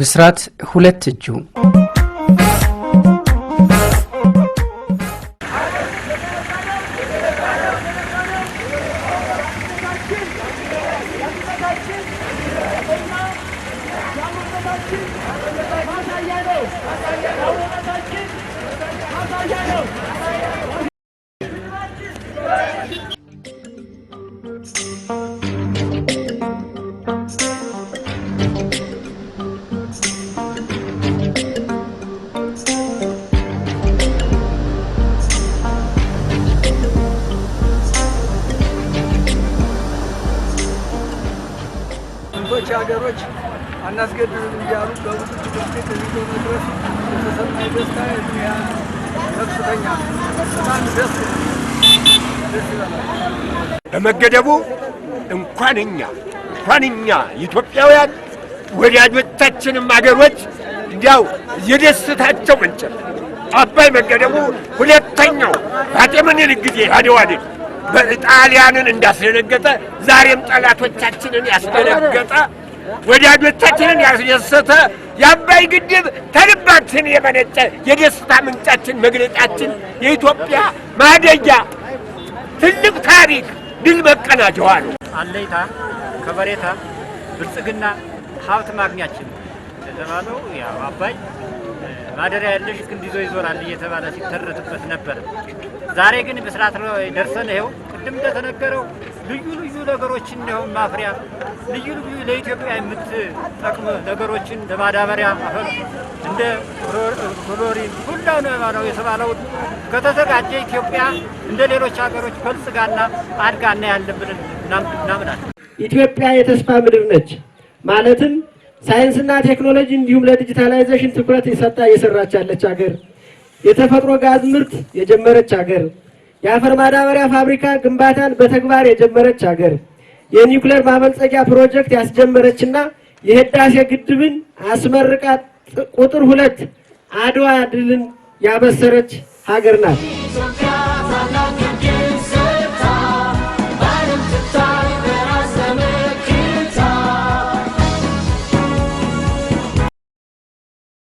ብስራት ሁለት እጁ ሌሎች ሀገሮች አናስገድልም እያሉ በብዙ ችግርት የሚዞ መድረስ የተሰማኝ ደስታ የሚያ ከፍተኛ በጣም ደስ ደስ ይላል። በመገደቡ እንኳን እኛ እንኳን እኛ ኢትዮጵያውያን ወዳጆቻችንም አገሮች እንዲያው የደስታቸው ምንጭ አባይ መገደቡ ሁለተኛው አጤ ምኒልክ ጊዜ አድዋ ድል ጣሊያንን እንዳስደነገጠ ዛሬም ጠላቶቻችንን ያስደነገጠ ወዳጆቻችንን ያስደሰተ የአባይ ግድብ ተልባችን የመነጨ የደስታ ምንጫችን መግለጫችን የኢትዮጵያ ማደጊያ ትልቅ ታሪክ ድል መቀናጀዋ ነው። አለይታ ከበሬታ ብልጽግና ሀብት ማግኛችን ለተባለው ያው አባይ ማደሪያ ያለሽ ክንድ ይዞ ይዞራል እየተባለ ሲተረትበት ነበር። ዛሬ ግን ብስራት ደርሰን ይኸው ቅድም እንደተነገረው ልዩ ልዩ ነገሮችን እንደው ማፍሪያ ልዩ ልዩ ለኢትዮጵያ የምትጠቅሙ ነገሮችን ለማዳበሪያ አፈር እንደ ክሎሪን ሁላ ነው የተባለው ከተዘጋጀ ኢትዮጵያ እንደ ሌሎች ሀገሮች በልጽጋና አድጋና ያለብን እናምናለን። ኢትዮጵያ የተስፋ ምድር ነች ማለትም ሳይንስና ቴክኖሎጂ እንዲሁም ለዲጂታላይዜሽን ትኩረት የሰጣ እየሰራች ያለች ሀገር፣ የተፈጥሮ ጋዝ ምርት የጀመረች ሀገር፣ የአፈር ማዳበሪያ ፋብሪካ ግንባታን በተግባር የጀመረች ሀገር፣ የኒውክሌር ማበልጸጊያ ፕሮጀክት ያስጀመረችና የህዳሴ ግድብን አስመርቃ ቁጥር ሁለት አድዋ ድልን ያበሰረች ሀገር ናት።